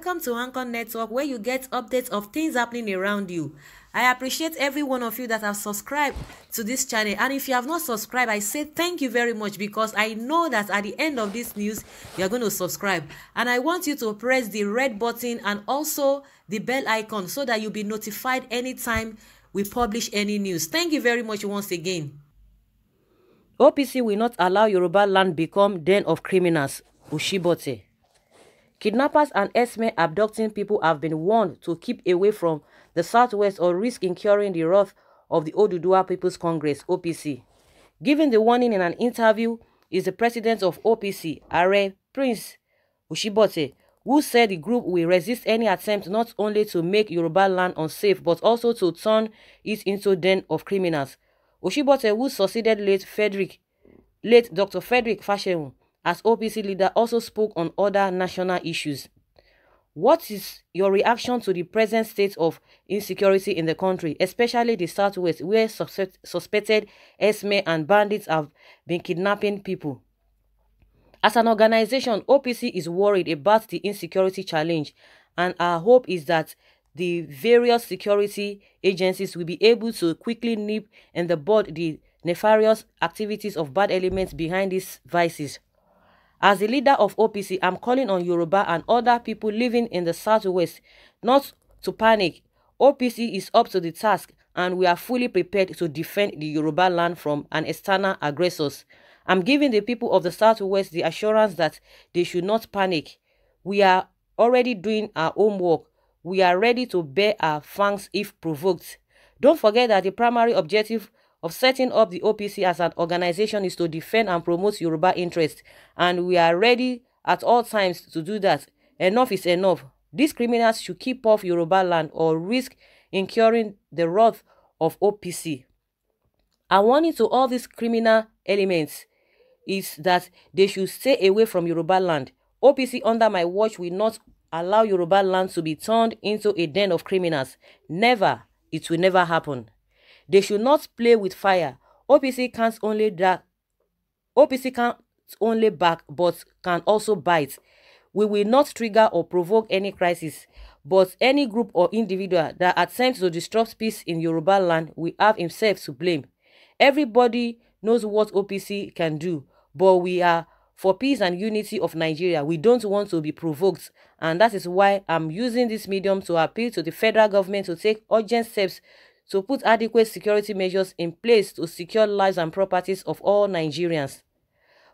Welcome to Anchor Network where you get updates of things happening around you. I appreciate every one of you that have subscribed to this channel and if you have not subscribed I say thank you very much because I know that at the end of this news you are going to subscribe and I want you to press the red button and also the bell icon so that you'll be notified anytime we publish any news. Thank you very much once again. OPC will not allow Yoruba land become den of criminals, Ushibote. Kidnappers and herdsmen abducting people have been warned to keep away from the southwest or risk incurring the wrath of the Oduduwa People's Congress, OPC. Giving the warning in an interview is the president of OPC, Are Prince Ushibote, who said the group will resist any attempt not only to make Yoruba land unsafe but also to turn it into den of criminals. Ushibote, who succeeded late Frederick, late Dr. Frederick Fashewu, as OPC leader, also spoke on other national issues. What is your reaction to the present state of insecurity in the country, especially the southwest, where suspected Esme and bandits have been kidnapping people? As an organization, OPC is worried about the insecurity challenge, and our hope is that the various security agencies will be able to quickly nip in the bud the nefarious activities of bad elements behind these vices. As the leader of OPC, I'm calling on Yoruba and other people living in the southwest not to panic. OPC is up to the task and we are fully prepared to defend the Yoruba land from an external aggressors. I'm giving the people of the southwest the assurance that they should not panic. We are already doing our homework. We are ready to bear our fangs if provoked. Don't forget that the primary objective of setting up the OPC as an organization is to defend and promote Yoruba interests, and we are ready at all times to do that. Enough is enough. These criminals should keep off Yoruba land or risk incurring the wrath of OPC. A warning to all these criminal elements is that they should stay away from Yoruba land. OPC under my watch will not allow Yoruba land to be turned into a den of criminals. Never. It will never happen. They should not play with fire. OPC can't only drag. OPC can't only back but can also bite. We will not trigger or provoke any crisis, but any group or individual that attempts to disrupt peace in Yoruba land will have himself to blame. Everybody knows what OPC can do, but we are for peace and unity of Nigeria. We don't want to be provoked, and that is why I'm using this medium to appeal to the federal government to take urgent steps to put adequate security measures in place to secure lives and properties of all Nigerians.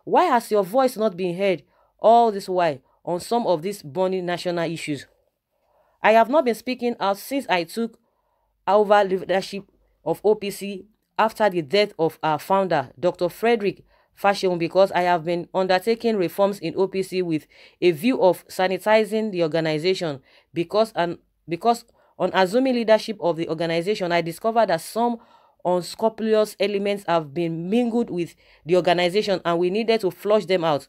Why has your voice not been heard all this while on some of these burning national issues? I have not been speaking out since I took over leadership of OPC after the death of our founder, Dr. Frederick Fashion, because I have been undertaking reforms in OPC with a view of sanitizing the organization because, and because on assuming leadership of the organization, I discovered that some unscrupulous elements have been mingled with the organization and we needed to flush them out.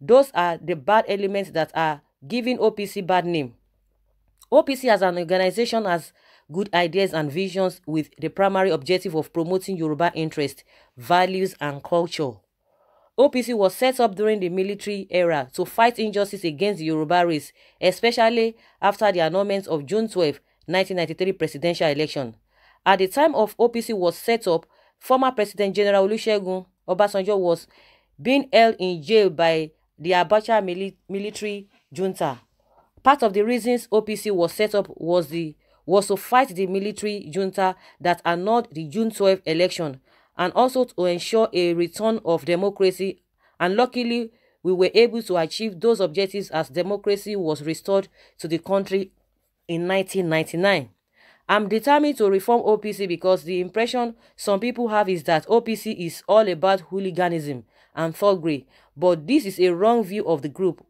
Those are the bad elements that are giving OPC bad name. OPC as an organization has good ideas and visions with the primary objective of promoting Yoruba interest, values and culture. OPC was set up during the military era to fight injustice against the Yoruba race, especially after the annulment of June 12, 1993 presidential election. At the time of OPC was set up, former President General Olusegun Obasanjo was being held in jail by the Abacha mili military junta. Part of the reasons OPC was set up was the was to fight the military junta that annulled the June 12 election and also to ensure a return of democracy. And luckily, we were able to achieve those objectives as democracy was restored to the country in 1999. I'm determined to reform OPC because the impression some people have is that OPC is all about hooliganism and thuggery, but this is a wrong view of the group.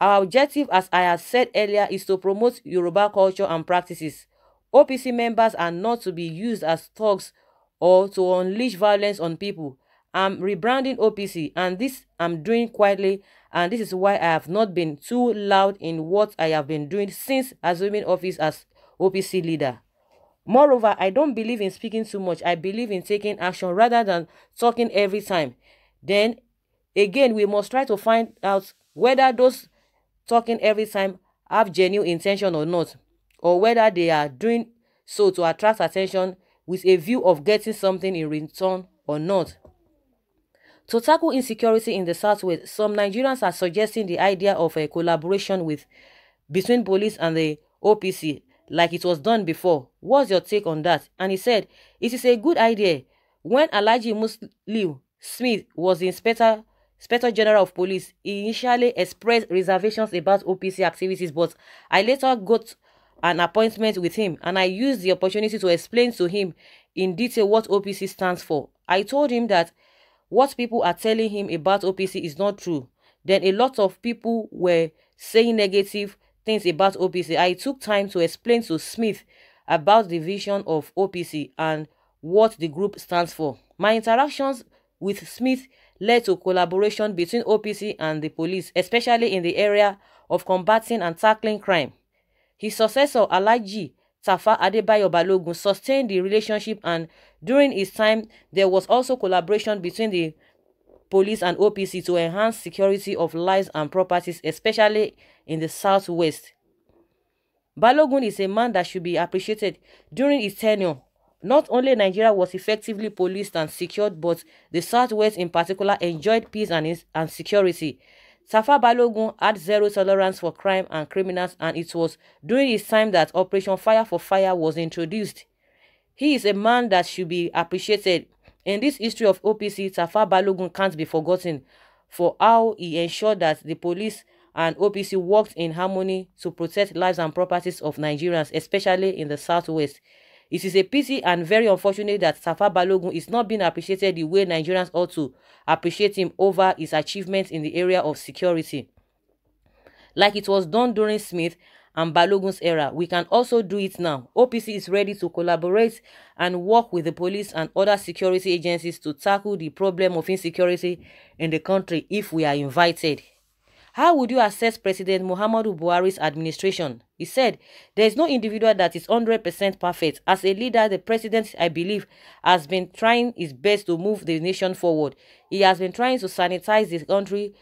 Our objective, as I had said earlier, is to promote Yoruba culture and practices. OPC members are not to be used as thugs or to unleash violence on people. I'm rebranding OPC and this I'm doing quietly and this is why I have not been too loud in what I have been doing since assuming office as OPC leader. Moreover, I don't believe in speaking too much. I believe in taking action rather than talking every time. Then again, we must try to find out whether those talking every time have genuine intention or not, or whether they are doing so to attract attention with a view of getting something in return or not. To tackle insecurity in the Southwest, some Nigerians are suggesting the idea of a collaboration with between police and the OPC like it was done before. What's your take on that? And he said, it is a good idea. When Alaji Muslim Smith was the inspector, inspector general of police, he initially expressed reservations about OPC activities, but I later got an appointment with him and I used the opportunity to explain to him in detail what OPC stands for. I told him that what people are telling him about OPC is not true. Then a lot of people were saying negative things about OPC. I took time to explain to Smith about the vision of OPC and what the group stands for. My interactions with Smith led to collaboration between OPC and the police, especially in the area of combating and tackling crime. His successor Alhaji Tafa Adebayo Balogun sustained the relationship and during his time there was also collaboration between the police and OPC to enhance security of lives and properties especially in the southwest. Balogun is a man that should be appreciated. During his tenure, not only Nigeria was effectively policed and secured, but the Southwest in particular enjoyed peace and, and security. Safa Balogun had zero tolerance for crime and criminals and it was during his time that Operation Fire for Fire was introduced. He is a man that should be appreciated. In this history of OPC, Safa Balogun can't be forgotten for how he ensured that the police and OPC worked in harmony to protect lives and properties of Nigerians, especially in the southwest. It is a pity and very unfortunate that Safa Balogun is not being appreciated the way Nigerians ought to appreciate him over his achievements in the area of security. Like it was done during Smith and Balogun's era, we can also do it now. OPC is ready to collaborate and work with the police and other security agencies to tackle the problem of insecurity in the country if we are invited. How would you assess President Muhammadu Buhari's administration? He said, There is no individual that is 100% perfect. As a leader, the president, I believe, has been trying his best to move the nation forward. He has been trying to sanitize this country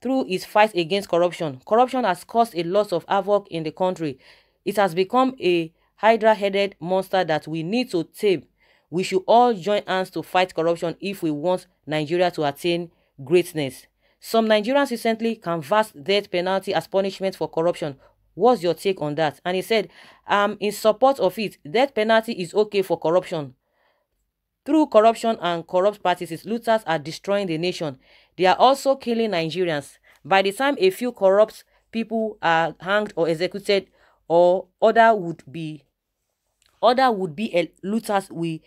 through his fight against corruption. Corruption has caused a lot of havoc in the country. It has become a hydra-headed monster that we need to tame. We should all join hands to fight corruption if we want Nigeria to attain greatness. Some Nigerians recently canvassed death penalty as punishment for corruption. What's your take on that? And he said, I'm um, in support of it. Death penalty is okay for corruption. Through corruption and corrupt practices, looters are destroying the nation. They are also killing Nigerians. By the time a few corrupt people are hanged or executed, or other would be other would be a eh, looters we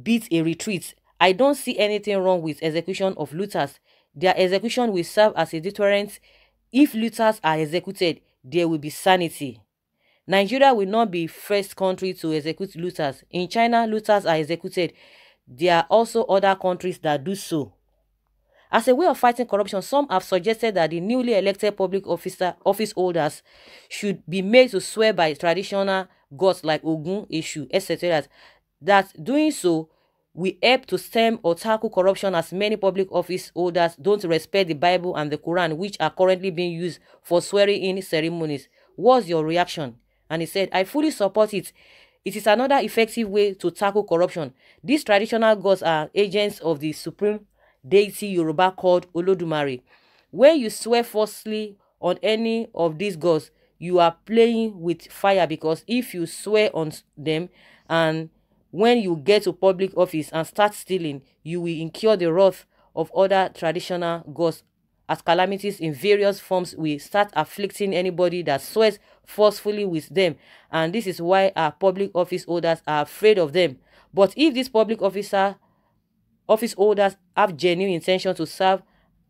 beat a retreat. I don't see anything wrong with execution of looters. Their execution will serve as a deterrent. If looters are executed, there will be sanity. Nigeria will not be first country to execute looters. In China, looters are executed. There are also other countries that do so. As a way of fighting corruption, some have suggested that the newly elected public officer, office holders should be made to swear by traditional gods like Ogun, Ishu, etc. That doing so we help to stem or tackle corruption as many public office holders don't respect the Bible and the Quran which are currently being used for swearing-in ceremonies. What's your reaction? And he said, I fully support it. It is another effective way to tackle corruption. These traditional gods are agents of the supreme deity Yoruba called Olodumare. When you swear falsely on any of these gods, you are playing with fire because if you swear on them and When you get to public office and start stealing, you will incur the wrath of other traditional gods as calamities in various forms will start afflicting anybody that swears forcefully with them and this is why our public office holders are afraid of them but if these public officer office holders have genuine intention to serve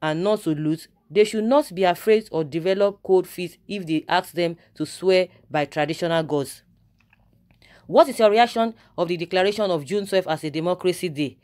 and not to loot they should not be afraid or develop cold feet if they ask them to swear by traditional gods What is your reaction of the declaration of June 12 as a democracy day?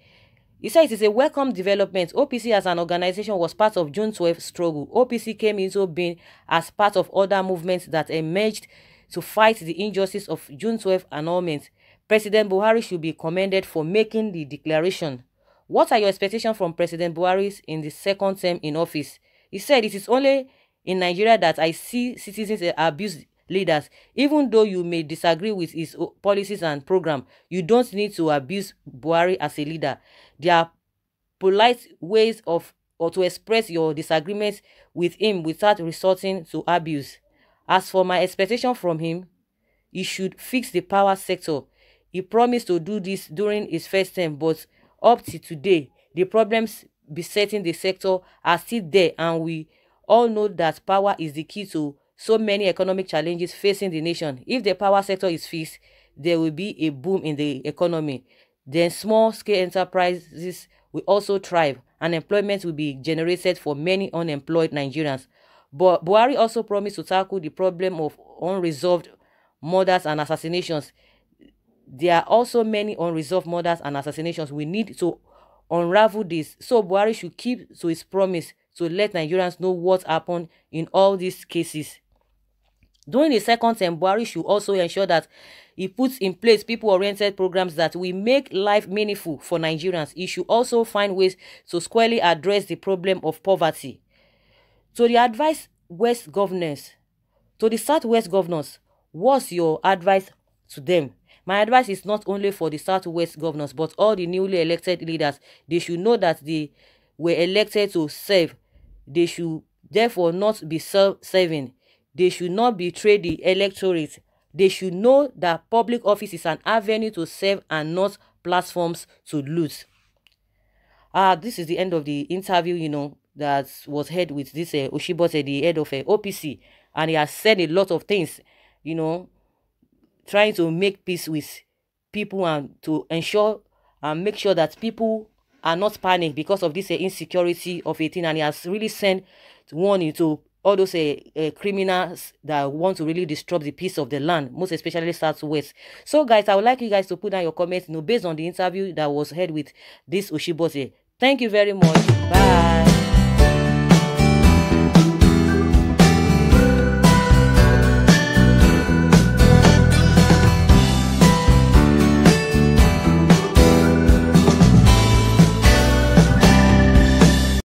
He said it is a welcome development. OPC as an organization was part of June 12 struggle. OPC came into being as part of other movements that emerged to fight the injustice of June 12 annulment. President Buhari should be commended for making the declaration. What are your expectations from President Buhari in the second term in office? He said it is only in Nigeria that I see citizens abuse leaders. Even though you may disagree with his policies and program, you don't need to abuse Buhari as a leader. There are polite ways of or to express your disagreements with him without resorting to abuse. As for my expectation from him, he should fix the power sector. He promised to do this during his first term, but up to today, the problems besetting the sector are still there and we all know that power is the key to so many economic challenges facing the nation. If the power sector is fixed, there will be a boom in the economy. Then small-scale enterprises will also thrive and employment will be generated for many unemployed Nigerians. But Buhari also promised to tackle the problem of unresolved murders and assassinations. There are also many unresolved murders and assassinations. We need to unravel this. So Buhari should keep to his promise to let Nigerians know what happened in all these cases. During the second term, Buhari should also ensure that he puts in place people-oriented programs that will make life meaningful for Nigerians. He should also find ways to squarely address the problem of poverty. So, the advice West governors, to the Southwest governors, what's your advice to them? My advice is not only for the Southwest governors, but all the newly elected leaders. They should know that they were elected to serve. They should therefore not be serving. They should not betray the electorate. They should know that public office is an avenue to serve and not platforms to loot. Ah, uh, this is the end of the interview, you know, that was held with this uh, Oshibose, the head of uh, eh, OPC. And he has said a lot of things, you know, trying to make peace with people and to ensure and make sure that people are not panicked because of this uh, insecurity of a thing. And he has really sent warning to all those uh, uh, criminals that want to really disturb the peace of the land, most especially Southwest. So, guys, I would like you guys to put down your comments, you know, based on the interview that was held with this Ushibose. Thank you very much. Bye.